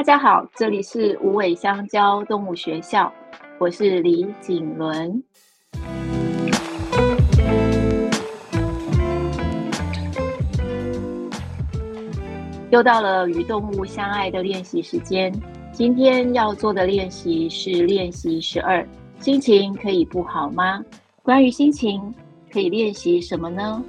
大家好，這裡是無尾香蕉動物學校，我是李瑾倫。又到了與動物相愛的練習時間，今天要做的練習是練習十二。心情可以不好嗎？關於心情，可以練習什麼呢？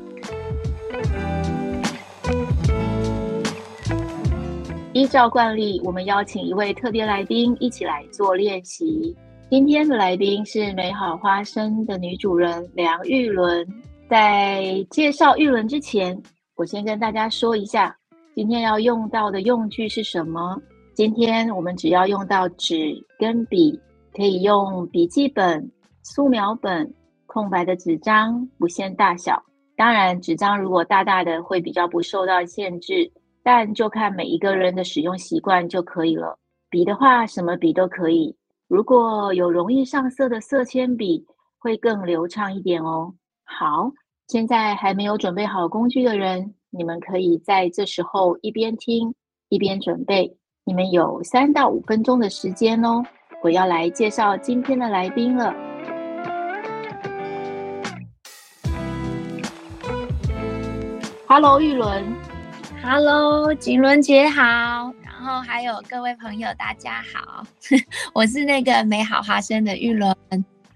依照慣例，我們邀請一位特別來賓一起來做練習。今天的來賓是美好花生的女主人梁郁倫。在介紹郁倫之前，我先跟大家說一下，今天要用到的用具是什麼？今天我們只要用到紙跟筆，可以用筆記本、素描本、空白的紙張，不限大小。當然，紙張如果大大的，會比較不受到限制。但就看每一個人的使用習慣就可以了。筆的話，什麼筆都可以。如果有容易上色的色鉛筆，會更流暢一點哦。好，現在還沒有準備好工具的人，你們可以在這時候一邊聽一邊準備。你們有三到五分鐘的時間哦。我要來介紹今天的來賓了。 Hello，郁倫。哈嘍，l 瑾倫姐好，然後還有各位朋友，大家好， 我是那個美好花生的郁倫。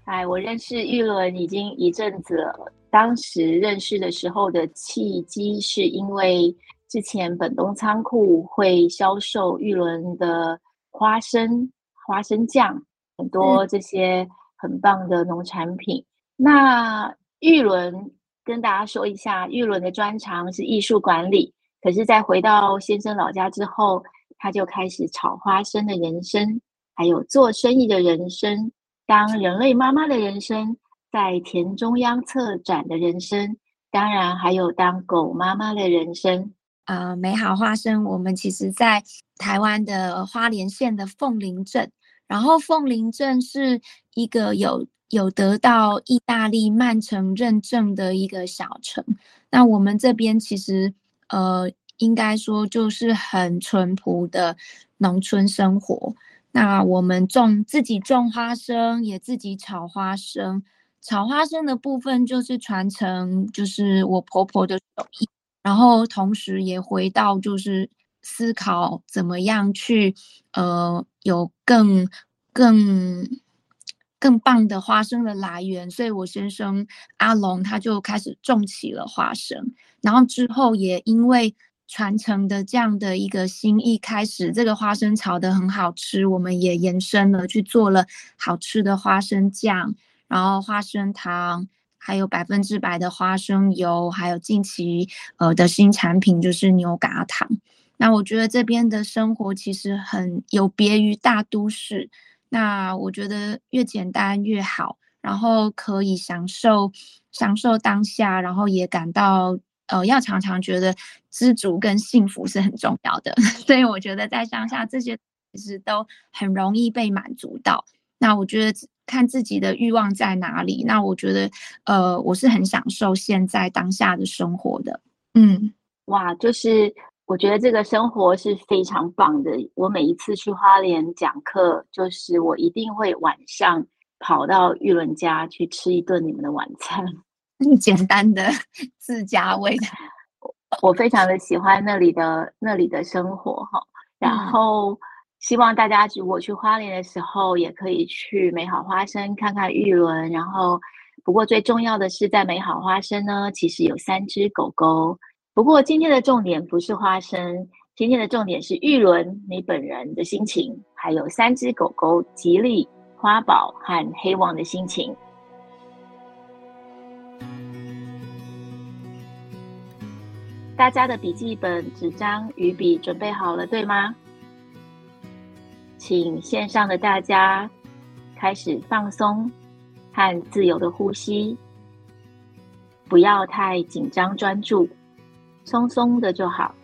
哎，我認識郁倫已經一陣子了。當時認識的時候的契機，是因為之前本東倉庫會銷售郁倫的花生、花生醬，很多這些很棒的農產品。嗯、那郁倫跟大家說一下，郁倫的專長是藝術管理。可是，在回到先生老家之後，他就開始炒花生的人生，還有做生意的人生，當人類媽媽的人生，在田中央策展的人生，當然還有當狗媽媽的人生。啊、呃，美好花生，我們其實在台灣的花蓮縣的鳳林鎮，然後鳳林鎮是一個有有得到意大利慢城認證的一個小城。那我們這邊其實。呃，應該說就是很淳樸的農村生活。那我們種自己種花生，也自己炒花生。炒花生的部分就是傳承，就是我婆婆的手藝。然後同時也回到就是思考怎麼樣去呃有更更。更棒的花生的來源，所以我先生阿龍他就開始種起了花生，然後之後也因為傳承的這樣的一個心意，開始這個花生炒得很好吃，我們也延伸了去做了好吃的花生醬，然後花生糖，還有百分之百的花生油，還有近期呃的新產品就是牛軋糖。那我覺得這邊的生活其實很有別於大都市。那我覺得越簡單越好，然後可以享受享受當下，然後也感到呃，要常常覺得知足跟幸福是很重要的。所 以我覺得在鄉下這些其實都很容易被滿足到。那我覺得看自己的慾望在哪裡。那我覺得呃，我是很享受現在當下的生活的。嗯，哇，就是。我覺得這個生活是非常棒的。我每一次去花蓮講課，就是我一定會晚上跑到郁倫家去吃一頓你們的晚餐，最簡單的自家味的。我非常的喜歡那裡的那裡的生活哈。嗯、然後希望大家如果去花蓮的時候，也可以去美好花生看看郁倫。然後，不過最重要的是，在美好花生呢，其實有三隻狗狗。不過今天的重點不是花生，今天的重點是郁倫你本人的心情，還有三隻狗狗吉利、花寶和黑王的心情。大家的筆記本、紙張、與筆準備好了，對嗎？請線上的大家開始放鬆和自由的呼吸，不要太緊張專注。鬆鬆的就好。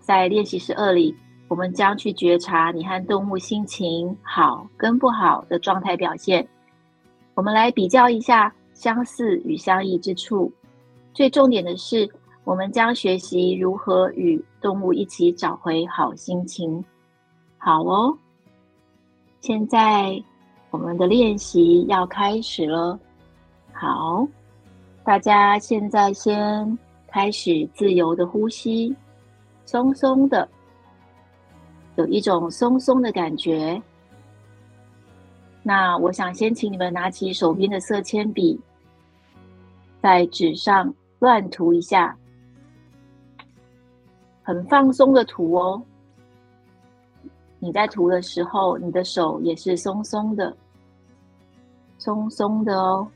在練習十二裡，我們將去覺察你和動物心情好跟不好的狀態表現。我們來比較一下相似與相異之處。最重點的是，我們將學習如何與動物一起找回好心情。好哦，現在我們的練習要開始了。好，大家現在先。開始自由的呼吸，松松的，有一種鬆松的感覺。那我想先請你們拿起手邊的色鉛筆，在紙上亂塗一下，很放鬆的塗哦。你在塗的時候，你的手也是松松的，松松的哦。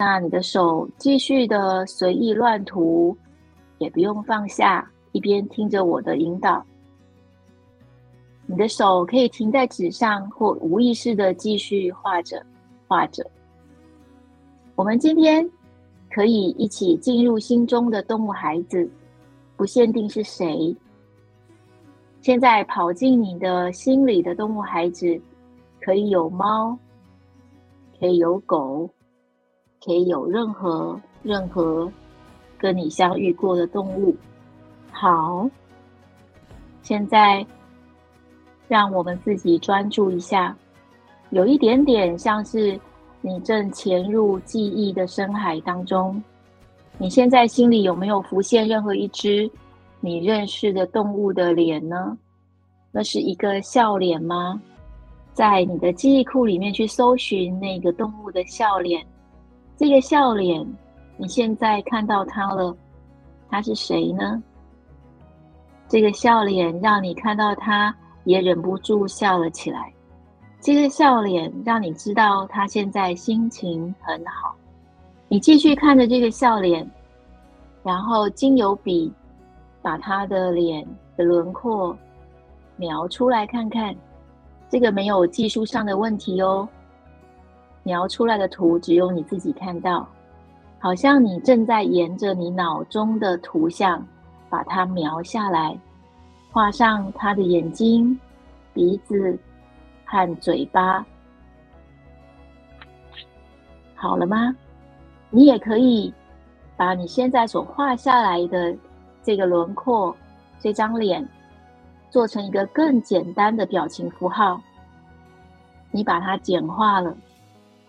那你的手繼續的隨意亂塗，也不用放下，一邊聽着我的引導。你的手可以停在紙上，或無意識的繼續畫着，畫着。我們今天可以一起進入心中的動物孩子，不限定是誰。現在跑進你的心裡的動物孩子，可以有貓，可以有狗。可以有任何任何跟你相遇過的動物。好，現在讓我們自己專注一下，有一點點像是你正潛入記憶的深海當中。你現在心裡有沒有浮現任何一隻你認識的動物的臉呢？那是一個笑臉嗎？在你的記憶庫裡面去搜尋那個動物的笑臉。這個笑臉，你現在看到他了，他是誰呢？這個笑臉讓你看到他，也忍不住笑了起來。這個笑臉讓你知道他現在心情很好。你繼續看着這個笑臉，然後精油筆把他的臉的輪廓描出來看看，這個沒有技術上的問題哦。描出來的圖只有你自己看到，好像你正在沿着你腦中的圖像把它描下來，畫上他的眼睛、鼻子和嘴巴，好了嗎？你也可以把你現在所畫下來的這個輪廓、這張臉，做成一個更簡單的表情符號，你把它簡化了。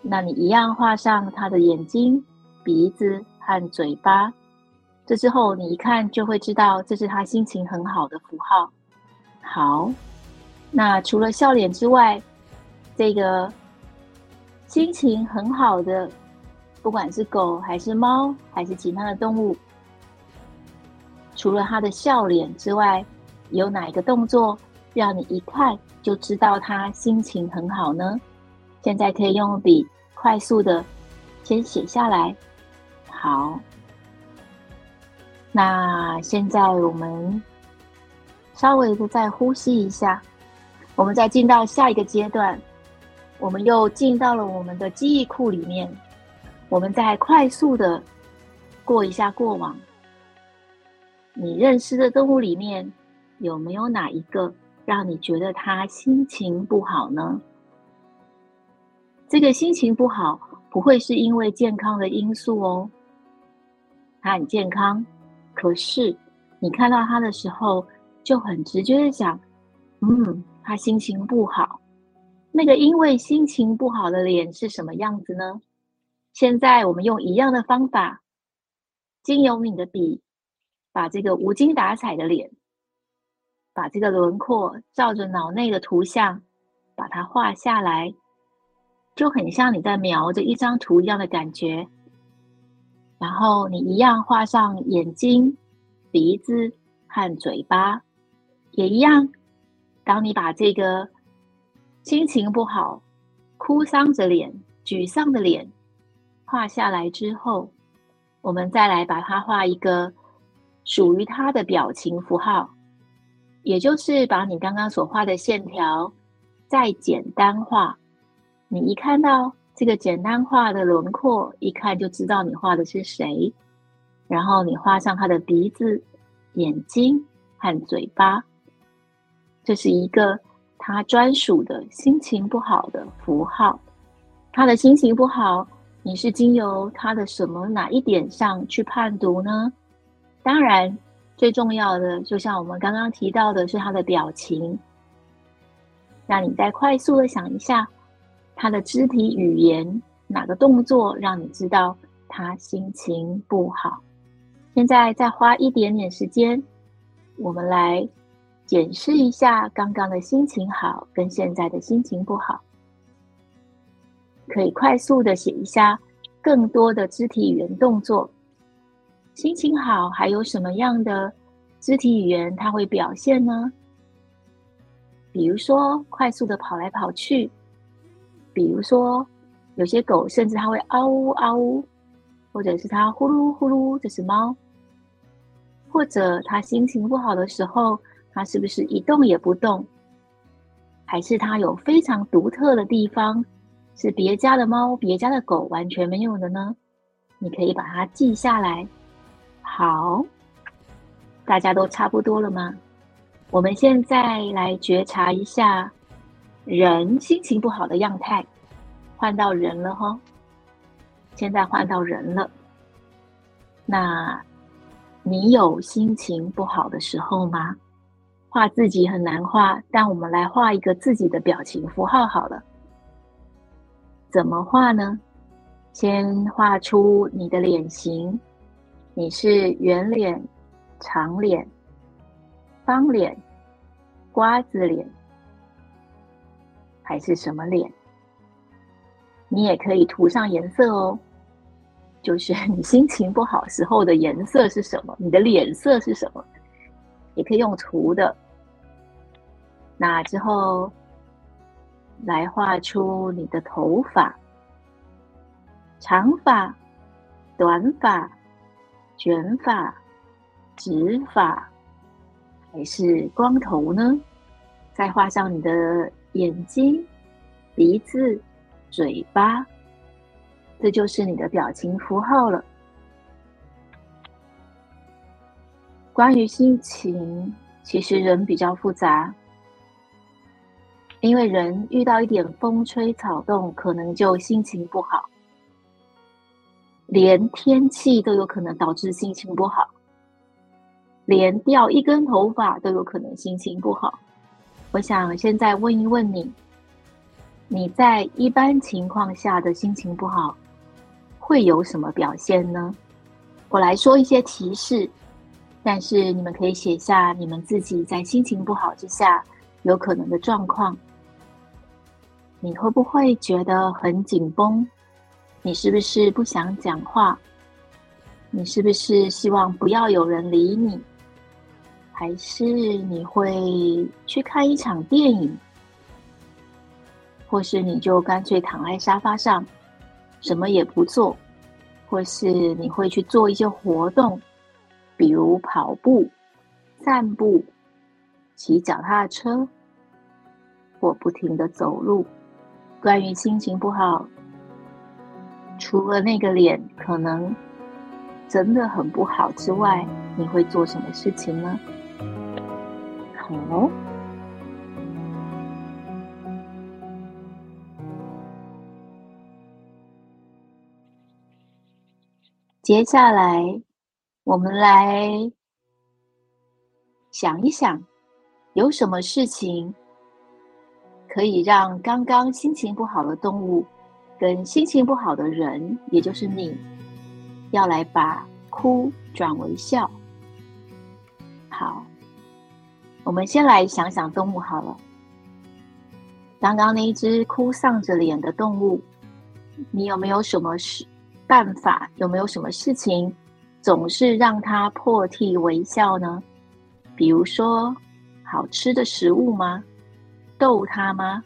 那你一樣畫上他的眼睛、鼻子和嘴巴。這之後，你一看就會知道這是他心情很好的符號。好，那除了笑臉之外，這個心情很好的，不管是狗還是貓還是其他的動物，除了他的笑臉之外，有哪一個動作讓你一看就知道他心情很好呢？現在可以用筆快速的先寫下來，好。那現在我們稍微的再呼吸一下，我們再進到下一個階段，我們又進到了我們的記憶庫裡面，我們再快速的過一下過往。你認識的動物裡面有沒有哪一個讓你覺得它心情不好呢？這個心情不好，不會是因為健康的因素哦。他很健康，可是你看到他的時候就很直接的想，嗯，他心情不好。那個因為心情不好的臉是什麼樣子呢？現在我們用一樣的方法，經由你的筆，把這個無精打采的臉，把這個輪廓照着腦內的圖像，把它畫下來。就很像你在描着一張圖一樣的感覺，然後你一樣畫上眼睛、鼻子和嘴巴，也一樣。當你把這個心情不好、哭喪着臉、沮喪的臉畫下來之後，我們再來把它畫一個屬於它的表情符號，也就是把你剛剛所畫的線條再簡單化。你一看到這個簡單化的輪廓，一看就知道你畫的是誰。然後你畫上他的鼻子、眼睛和嘴巴，這是一個他專屬的心情不好的符號。他的心情不好，你是經由他的什麼哪一點上去判讀呢？當然，最重要的就像我們剛剛提到的是他的表情。那你再快速的想一下。他的肢體語言，哪個動作讓你知道他心情不好？現在再花一點點時間，我們來檢視一下剛剛的心情好跟現在的心情不好。可以快速的寫一下更多的肢體語言動作。心情好還有什麼樣的肢體語言他會表現呢？比如說快速的跑來跑去。比如說，有些狗甚至它會嗷嗚嗷嗚，或者是它呼嚕呼嚕，這是貓。或者它心情不好的時候，它是不是一動也不動？還是它有非常獨特的地方，是別家的貓、別家的狗完全沒有的呢？你可以把它記下來。好，大家都差不多了嗎？我們現在來覺察一下。人心情不好的樣態，換到人了齁。現在換到人了，那你有心情不好的時候嗎？畫自己很難畫，但我們來畫一個自己的表情符號好了。怎麼畫呢？先畫出你的臉型，你是圓臉、長臉、方臉、瓜子臉，還是什麼臉？你也可以塗上顏色哦。就是你心情不好時候的顏色是什麼？你的臉色是什麼？也可以用塗的。那之後來畫出你的頭髮：長髮、短髮、卷髮、直髮，還是光頭呢？再畫上你的。眼睛、鼻子、嘴巴，這就是你的表情符號了。關於心情，其實人比較複雜，因為人遇到一點風吹草動，可能就心情不好；連天氣都有可能導致心情不好；連掉一根頭髮都有可能心情不好。我想現在問一問你，你在一般情況下的心情不好會有什麼表現呢？我來說一些提示，但是你們可以寫下你們自己在心情不好之下有可能的狀況。你會不會覺得很緊繃？你是不是不想講話？你是不是希望不要有人理你？還是你會去看一場電影，或是你就乾脆躺在沙發上，什麼也不做，或是你會去做一些活動，比如跑步、散步、騎腳踏車，或不停地走路。關於心情不好，除了那個臉可能真的很不好之外，你會做什麼事情呢？哦，接下來我們來想一想，有什麼事情可以讓剛剛心情不好的動物跟心情不好的人，也就是你，要來把哭轉為笑。好。我們先來想想動物好了。剛剛那一只哭喪着臉的動物，你有沒有什麼事辦法？有沒有什麼事情總是讓它破涕為笑呢？比如說好吃的食物嗎？逗它嗎？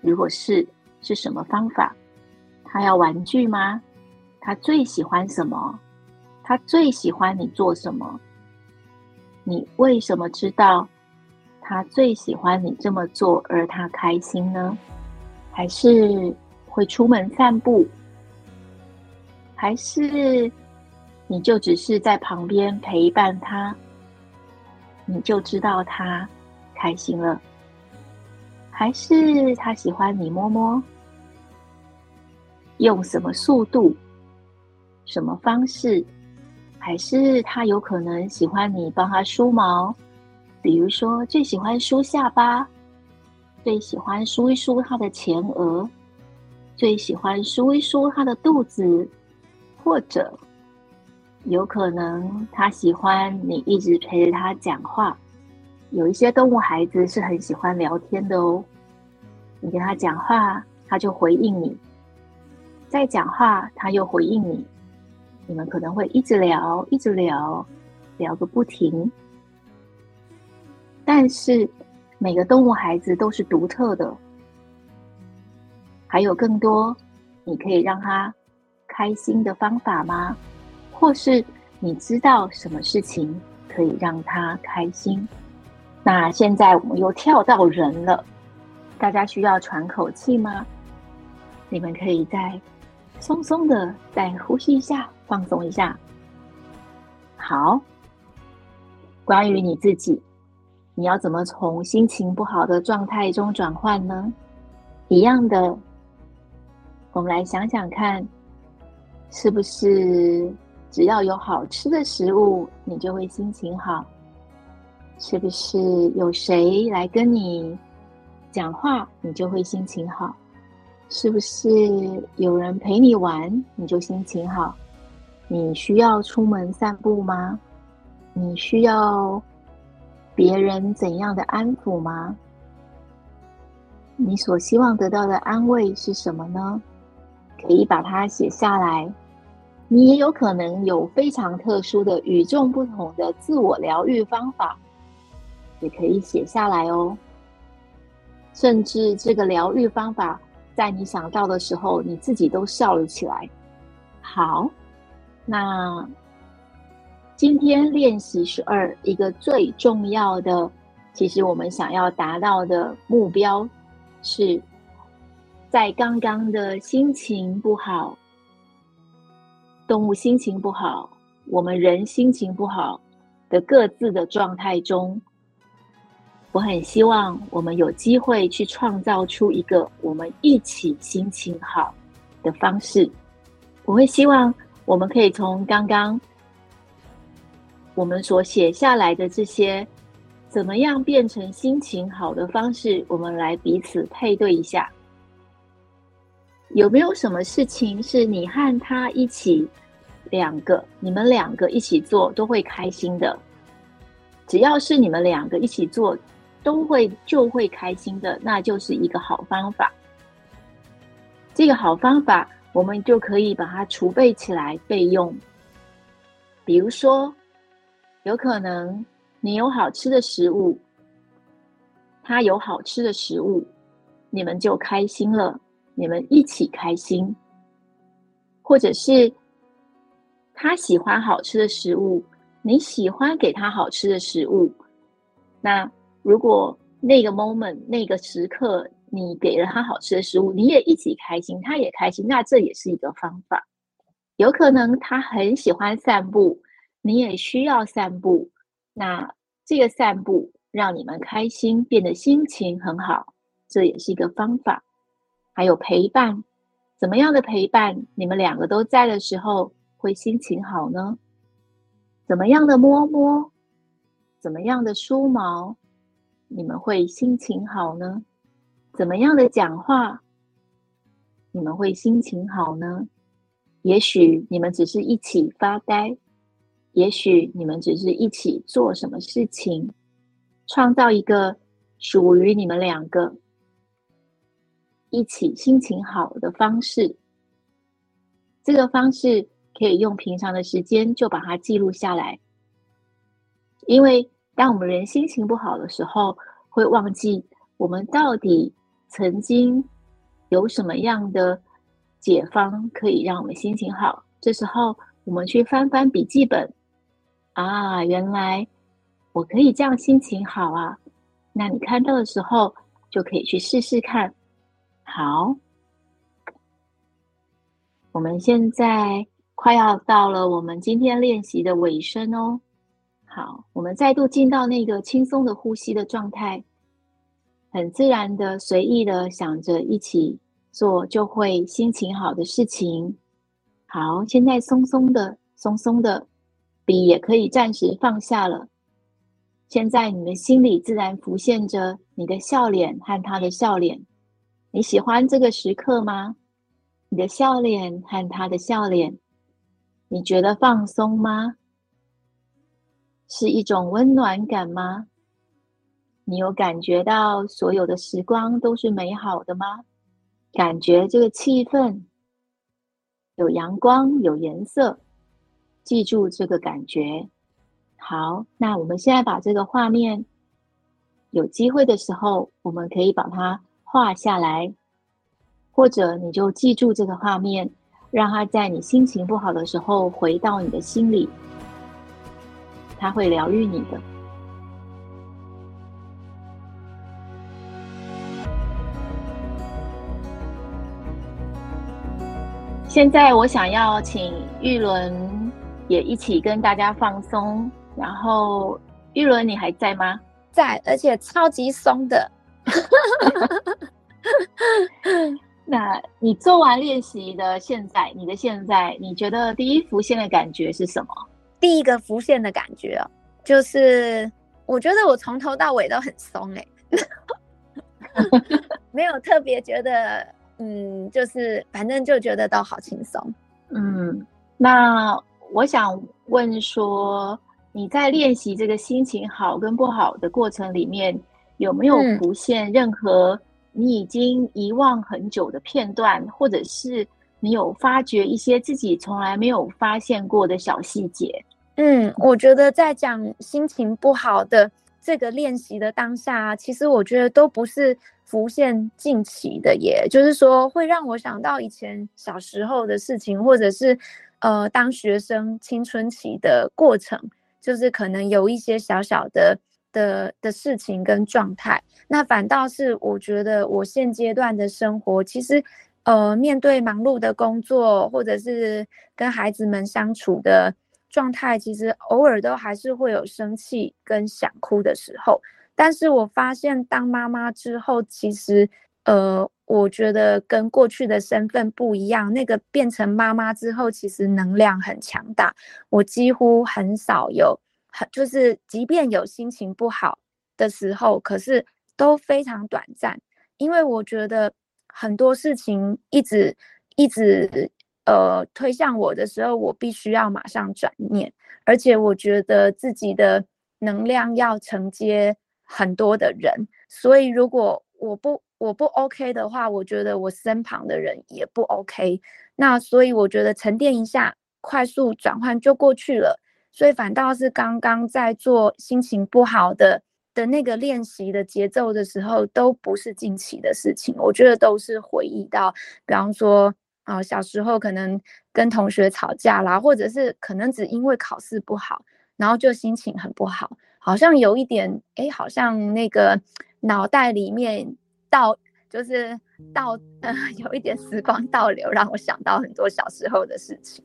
如果是，是什麼方法？它要玩具嗎？它最喜歡什麼？它最喜歡你做什麼？你為什麼知道他最喜歡你這麼做而他開心呢？還是會出門散步？還是你就只是在旁邊陪伴他？你就知道他開心了？還是他喜歡你摸摸？用什麼速度？什麼方式？還是他有可能喜歡你幫他梳毛，比如說最喜歡梳下巴，最喜歡梳一梳他的前額，最喜歡梳一梳他的肚子，或者有可能他喜歡你一直陪着他講話。有一些動物孩子是很喜歡聊天的哦，你跟他講話，他就回應你；再講話，他又回應你。你們可能會一直聊，一直聊，聊個不停。但是每個動物孩子都是獨特的。還有更多你可以讓他開心的方法嗎？或是你知道什麼事情可以讓他開心？那現在我們又跳到人了，大家需要喘口氣嗎？你們可以再鬆鬆的再呼吸一下。放鬆一下，好。關於你自己，你要怎麼從心情不好的狀態中轉換呢？一樣的，我們來想想看，是不是只要有好吃的食物，你就會心情好？是不是有誰來跟你講話，你就會心情好？是不是有人陪你玩，你就心情好？你需要出門散步嗎？你需要別人怎樣的安撫嗎？你所希望得到的安慰是什麼呢？可以把它寫下來。你也有可能有非常特殊的、與眾不同的自我療癒方法，也可以寫下來哦。甚至這個療癒方法，在你想到的時候，你自己都笑了起來。好。那今天練習十二一個最重要的，其實我們想要達到的目標是，是在剛剛的心情不好，動物心情不好，我們人心情不好的各自的狀態中，我很希望我們有機會去創造出一個我們一起心情好的方式，我會希望。我們可以從剛剛，我們所寫下來的這些，怎麼樣變成心情好的方式？我們來彼此配對一下，有沒有什麼事情是你和他一起兩個，你們兩個一起做都會開心的？只要是你們兩個一起做都會就會開心的，那就是一個好方法。這個好方法，我們就可以把它儲備起來備用。比如說，有可能你有好吃的食物，他有好吃的食物，你們就開心了，你們一起開心。或者是他喜歡好吃的食物，你喜歡給他好吃的食物。那如果那個 moment，那個時刻。你給了他好吃的食物，你也一起開心，他也開心，那這也是一個方法。有可能他很喜歡散步，你也需要散步，那這個散步讓你們開心，變得心情很好，這也是一個方法。還有陪伴，怎麼樣的陪伴，你們兩個都在的時候會心情好呢？怎麼樣的摸摸，怎麼樣的梳毛，你們會心情好呢？怎麼樣的講話，你們會心情好呢？也許你們只是一起發呆，也許你們只是一起做什麼事情，創造一個屬於你們兩個一起心情好的方式。這個方式可以用平常的時間就把它記錄下來，因為當我們人心情不好的時候，會忘記我們到底。曾經有什麼樣的解方可以讓我們心情好？這時候我們去翻翻筆記本，啊，原來我可以這樣心情好啊！那你看到的時候就可以去試試看。好，我們現在快要到了我們今天練習的尾聲哦。好，我們再度進到那個輕鬆的呼吸的狀態。很自然的、隨意的想着一起做，就會心情好的事情。好，現在鬆松的、鬆松的筆也可以暫時放下了。現在你們心裡自然浮現着你的笑臉和他的笑臉。你喜歡這個時刻嗎？你的笑臉和他的笑臉，你覺得放鬆嗎？是一種溫暖感嗎？你有感覺到所有的時光都是美好的嗎？感覺這個氣氛有陽光，有顏色，記住這個感覺。好，那我們現在把這個畫面，有機會的時候，我們可以把它畫下來，或者你就記住這個畫面，讓它在你心情不好的時候回到你的心裡，它會療愈你的。現在我想要請郁倫也一起跟大家放鬆。然後，郁倫你還在嗎？在，而且超級鬆的。 那你做完練習的現在，你的現在，你覺得第一浮現的感覺是什麼？第一個浮現的感覺哦，就是我覺得我從頭到尾都很鬆，欸，哎， 沒有特別覺得。嗯，就是反正就覺得都好輕鬆。嗯，那我想問說，你在練習這個心情好跟不好的過程裡面，有沒有浮現任何你已經遺忘很久的片段，嗯、或者是你有發覺一些自己從來沒有發現過的小細節？嗯，我覺得在講心情不好的、嗯、這個練習的當下，其實我覺得都不是，浮現近期的，也就是說，會讓我想到以前小時候的事情，或者是，呃，當學生青春期的過程，就是可能有一些小小的的的事情跟狀態。那反倒是我覺得我現階段的生活，其實，呃，面對忙碌的工作，或者是跟孩子們相處的狀態，其實偶爾都還是會有生氣跟想哭的時候。但是我發現當媽媽之後，其實，呃，我覺得跟過去的身份不一樣。那個變成媽媽之後，其實能量很強大。我幾乎很少有，很就是，即便有心情不好的時候，可是都非常短暫。因為我覺得很多事情一直一直，呃，推向我的時候，我必須要馬上轉念，而且我覺得自己的能量要承接。很多的人，所以如果我不我不 OK 的話，我覺得我身旁的人也不 OK。那所以我覺得沉澱一下，快速轉換就過去了。所以反倒是剛剛在做心情不好的的那個練習的節奏的時候，都不是近期的事情。我覺得都是回憶到，比方說啊、呃，小時候可能跟同學吵架啦，或者是可能只因為考試不好，然後就心情很不好。好像有一點，哎，好像那個腦袋裡面倒，就是倒，嗯，有一點時光倒流，讓我想到很多小時候的事情。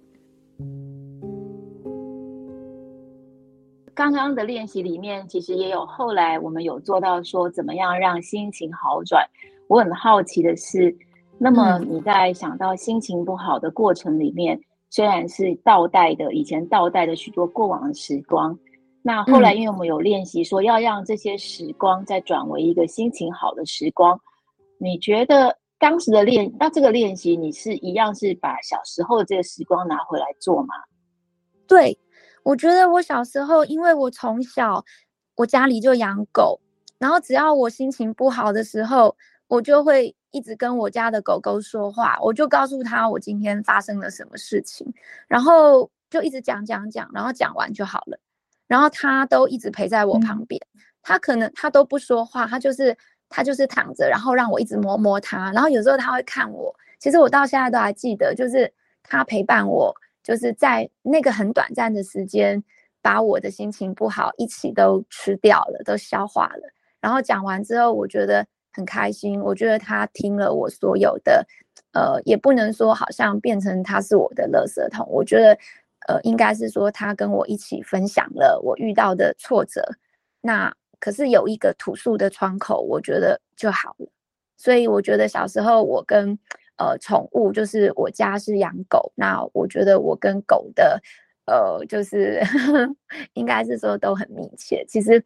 剛剛的練習裡面，其實也有，後來我們有做到說怎麼樣讓心情好轉。我很好奇的是，那麼你在想到心情不好的過程裡面，嗯，雖然是倒帶的，以前倒帶的許多過往的時光。那後來，因為我們有練習說要讓這些時光再轉為一個心情好的時光，你覺得當時的練，那這個練習，你是一樣是把小時候的這個時光拿回來做嗎？對，我覺得我小時候，因為我從小我家裡就養狗，然後只要我心情不好的時候，我就會一直跟我家的狗狗說話，我就告訴他我今天發生了什麼事情，然後就一直講講講，然後講完就好了。然後他都一直陪在我旁邊，嗯、他可能他都不說話，他就是他就是躺着，然後讓我一直摸摸他，然後有時候他會看我。其實我到現在都還記得，就是他陪伴我，就是在那個很短暫的時間，把我的心情不好一起都吃掉了，都消化了。然後講完之後，我覺得很開心。我覺得他聽了我所有的，呃，也不能說好像變成他是我的垃圾桶。我覺得。呃，應該是說他跟我一起分享了我遇到的挫折，那可是有一個吐訴的窗口，我覺得就好了。所以我覺得小時候我跟呃寵物，就是我家是養狗，那我覺得我跟狗的呃，就是 應該是說都很密切。其實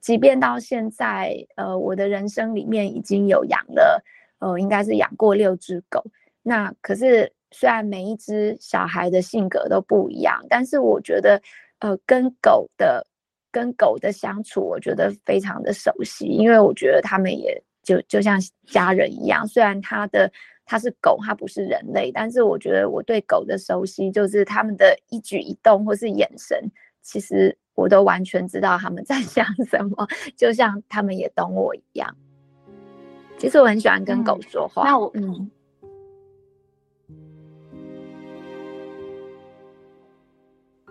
即便到現在，呃，我的人生裡面已經有養了，呃，應該是養過六隻狗，那可是。雖然每一隻小孩的性格都不一樣，但是我覺得，呃，跟狗的，跟狗的相處，我覺得非常的熟悉。因為我覺得他們也就就像家人一樣。雖然他的他是狗，他不是人類，但是我覺得我對狗的熟悉，就是他們的一舉一動或是眼神，其實我都完全知道他們在想什麼，就像他們也懂我一樣。其實我很喜歡跟狗說話。嗯，那我嗯。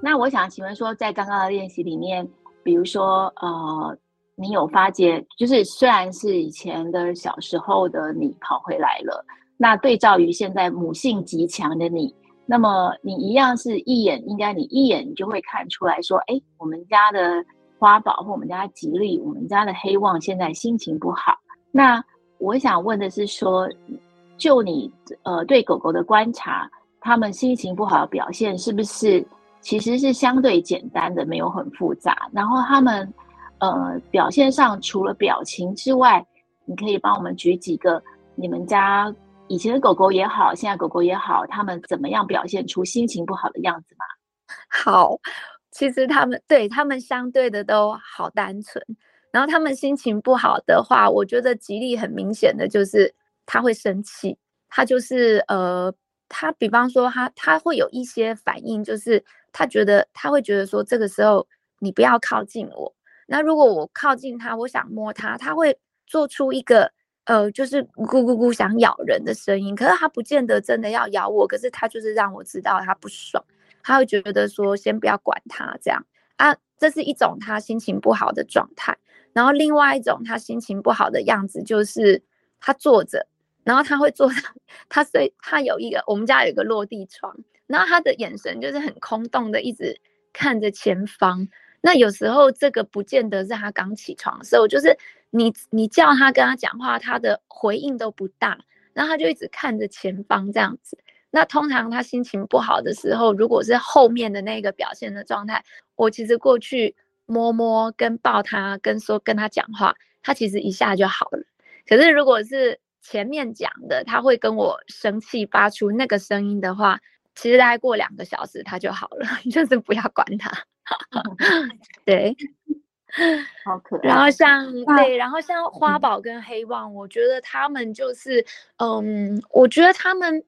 那我想請問說，在剛剛的練習裡面，比如說，呃，你有發覺，就是雖然是以前的小時候的你跑回來了，那對照於現在母性極強的你，那麼你一樣是一眼，應該你一眼你就會看出來說，哎，我們家的花寶或我們家吉利，我們家的黑旺現在心情不好。那我想問的是說，就你呃對狗狗的觀察，他們心情不好的表現是不是？其實是相對簡單的，沒有很複雜。然後他們，呃，表現上除了表情之外，你可以幫我們舉幾個你們家以前的狗狗也好，現在的狗狗也好，他們怎麼樣表現出心情不好的樣子嗎？好，其實他們，對，他們相對的都好單純。然後他們心情不好的話，我覺得吉利很明顯的就是他會生氣，他就是呃。他比方說他，他他會有一些反應，就是他覺得他會覺得說，這個時候你不要靠近我。那如果我靠近他，我想摸他，他會做出一個呃，就是咕咕咕想咬人的聲音。可是他不見得真的要咬我，可是他就是讓我知道他不爽。他會覺得說，先不要管他這樣啊，這是一種他心情不好的狀態。然後另外一種他心情不好的樣子，就是他坐着，然後他會坐上，他是他有一個，我們家有一個落地窗，然後他的眼神就是很空洞的，一直看着前方。那有時候這個不見得是他剛起床，所以我就是你你叫他跟他講話，他的回應都不大，然後他就一直看着前方這樣子。那通常他心情不好的時候，如果是後面的那個表現的狀態，我其實過去摸摸跟抱他，跟說跟他講話，他其實一下就好了。可是如果是前面講的，他會跟我生氣，發出那個聲音的話，其實大概過兩個小時他就好了，你就是不要管他。 對，好可愛。然後像、啊、對，然後像花寶跟黑旺，我覺得他們就是，嗯，我覺得他們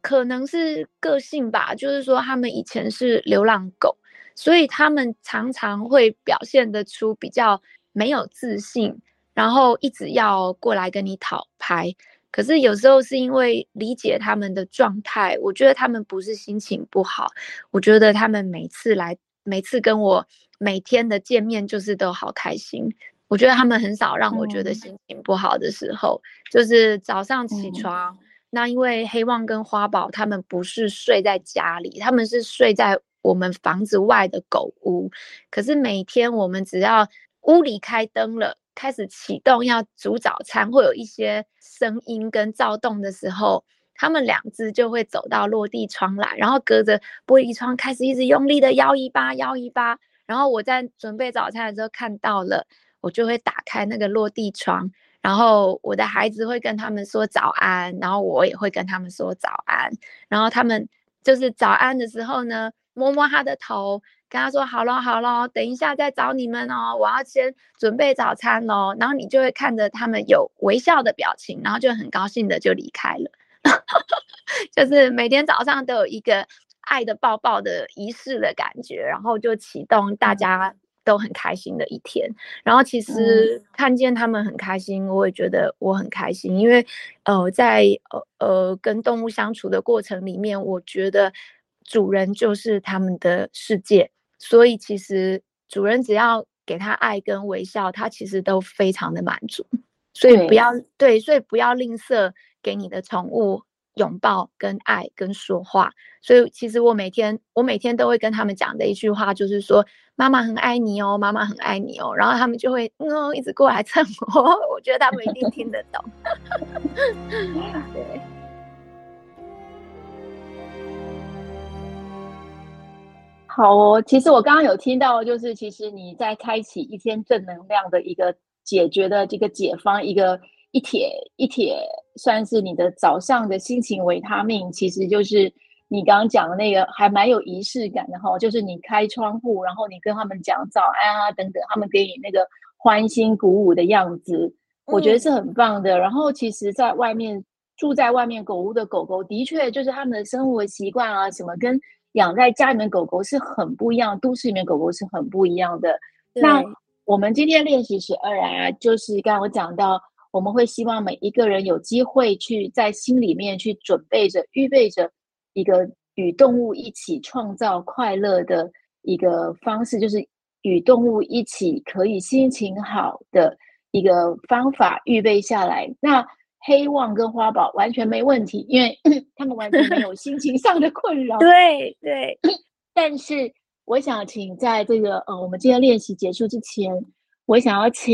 可能是個性吧，就是說他們以前是流浪狗，所以他們常常會表現得出比較沒有自信。然後一直要過來跟你討拍，可是有時候是因為理解他們的狀態，我覺得他們不是心情不好，我覺得他們每次來，每次跟我每天的見面就是都好開心。我覺得他們很少讓我覺得心情不好的時候，嗯、就是早上起床。嗯、那因為黑旺跟花寶他們不是睡在家裡，他們是睡在我們房子外的狗屋，可是每天我們只要屋裡開燈了。開始啟動要煮早餐，會有一些聲音跟躁動的時候，他們兩隻就會走到落地窗來，然後隔着玻璃窗開始一直用力的搖尾巴搖尾巴，然後我在準備早餐的時候看到了，我就會打開那個落地窗，然後我的孩子會跟他們說早安，然後我也會跟他們說早安，然後他們就是早安的時候呢，摸摸他的頭，跟他說好咯，好咯，等一下再找你們哦，我要先準備早餐哦，然後你就會看着他們有微笑的表情，然後就很高興的就離開了。 就是每天早上都有一個愛的抱抱的儀式的感覺，然後就啟動大家都很開心的一天。嗯、然後其實看見他們很開心，我也覺得我很開心，因為呃，在呃，呃跟動物相處的過程裡面，我覺得主人就是他們的世界。所以其實主人只要給他愛跟微笑，他其實都非常的滿足。所以、啊、不要，對，所以不要吝嗇給你的寵物擁抱跟愛跟說話。所以其實我每天我每天都會跟他們講的一句話就是說：“媽媽很愛你哦，媽媽很愛你哦。”然後他們就會、嗯哦、一直過來蹭我，我覺得他們一定聽得懂。對。好哦，其實我剛剛有聽到，就是其實你在開啟一天正能量的一個解決的這個解方，一個一帖一帖算是你的早上的心情維他命，其實就是你剛剛講的那個還蠻有儀式感的哈、哦，就是你開窗戶，然後你跟他們講早安啊等等，他們給你那個歡欣鼓舞的樣子，嗯、我覺得是很棒的。然後其實，在外面住在外面狗屋的狗狗，的確就是他們的生活的習慣啊，什麼跟，養在家裡面狗狗是很不一樣，都市裡面狗狗是很不一樣的。對那我們今天練習十二啊，就是剛剛我講到，我們會希望每一個人有機會去在心裡面去準備着、預備着一個與動物一起創造快樂的一個方式，就是與動物一起可以心情好的一個方法預備下來。那黑旺跟花寶完全沒問題，因為、嗯、他們完全沒有心情上的困擾。對 對，對，但是我想請在這個呃，我們今天練習結束之前，我想要請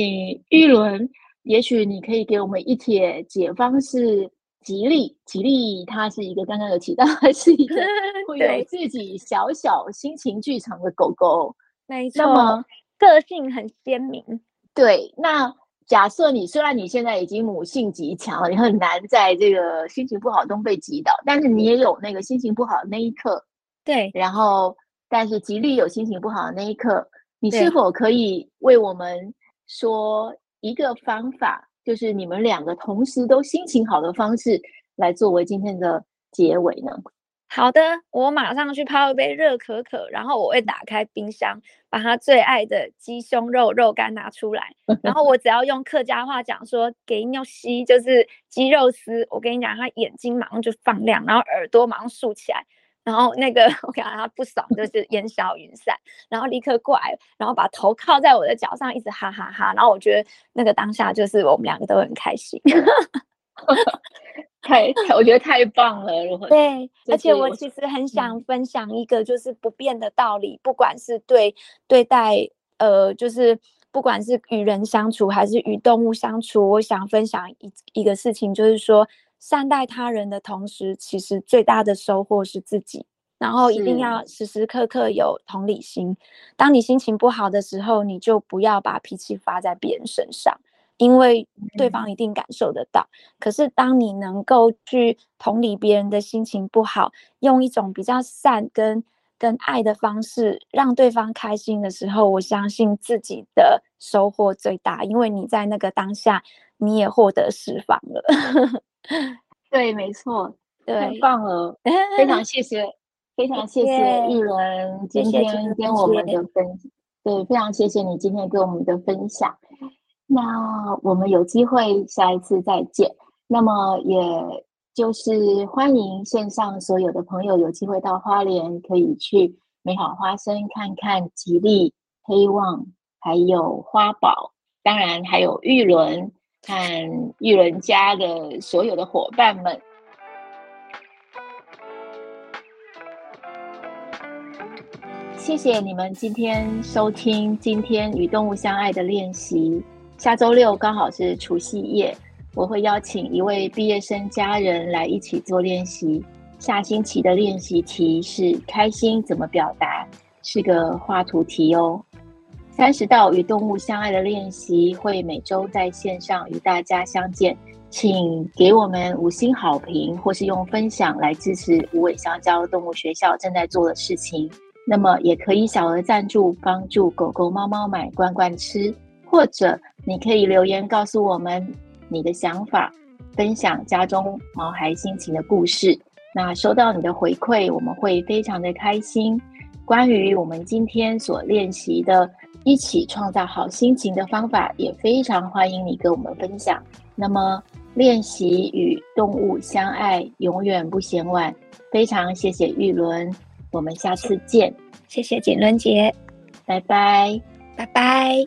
郁倫，嗯、也許你可以給我們一帖解方是吉利，吉利它是一個剛剛有提到，他是一個會有自己小小心情劇場的狗狗， 對嗎？那，那麼個性很鮮明。對，那。假設你，雖然你現在已經母性極強，你很難在這個心情不好中被擊倒，但是你也有那個心情不好的那一刻，對，然後但是極力有心情不好的那一刻，你是否可以為我們說一個方法，對就是你們兩個同時都心情好的方式，來作為今天的結尾呢？好的，我馬上去泡一杯熱可可，然後我會打開冰箱，把他最愛的雞胸肉肉乾拿出來，然後我只要用客家話講說給尿吸， 就是雞肉絲。我跟你講，他眼睛馬上就放亮，然後耳朵馬上豎起來，然後那個我講、Okay, 他不爽就是煙消雲散， 然後立刻過來，然後把頭靠在我的腳上，一直哈哈哈哈。然後我覺得那個當下就是我們兩個都很開心。 太，我覺得太棒了。對，些而且我其實很想分享一個就是不變的道理，嗯、不管是對對待，呃，就是不管是與人相處還是與動物相處，我想分享一一個事情，就是說善待他人的同時，其實最大的收穫是自己。然後一定要時時刻刻有同理心。是當你心情不好的時候，你就不要把脾氣發在別人身上。因為對方一定感受得到，嗯、可是當你能夠去同理別人的心情不好，用一種比較善跟跟愛的方式讓對方開心的時候，我相信自己的收穫最大。因為你在那個當下，你也獲得釋放了。對， 沒錯，對，很棒了、哦， 非常謝謝， 非常謝謝鬱倫今天跟我們的分， 對，非常謝謝你今天跟我們的分享。那我們有機會下一次再見。那麼，也就是歡迎線上所有的朋友有機會到花蓮，可以去美好花生看看吉利、黑旺，還有花寶，當然還有郁倫，看郁倫家的所有的伙伴們。嗯、謝謝你們今天收聽今天與動物相愛的練習。下周六剛好是除夕夜，我會邀請一位畢業生家人來一起做練習。下星期的練習題是“開心怎麼表達”，是個畫圖題哦。三十道與動物相愛的練習會每周在線上與大家相見，請給我們五星好評，或是用分享來支持無尾香蕉動物學校正在做的事情。那麼也可以小額贊助，幫助狗狗貓貓、貓貓買罐罐吃。或者你可以留言告訴我們你的想法，分享家中毛孩心情的故事。那收到你的回饋，我們會非常的開心。關於我們今天所練習的，一起創造好心情的方法，也非常歡迎你跟我們分享。那麼，練習與動物相愛，永遠不嫌晚。非常謝謝郁倫，我們下次見。謝謝瑾倫姐，拜拜，拜拜。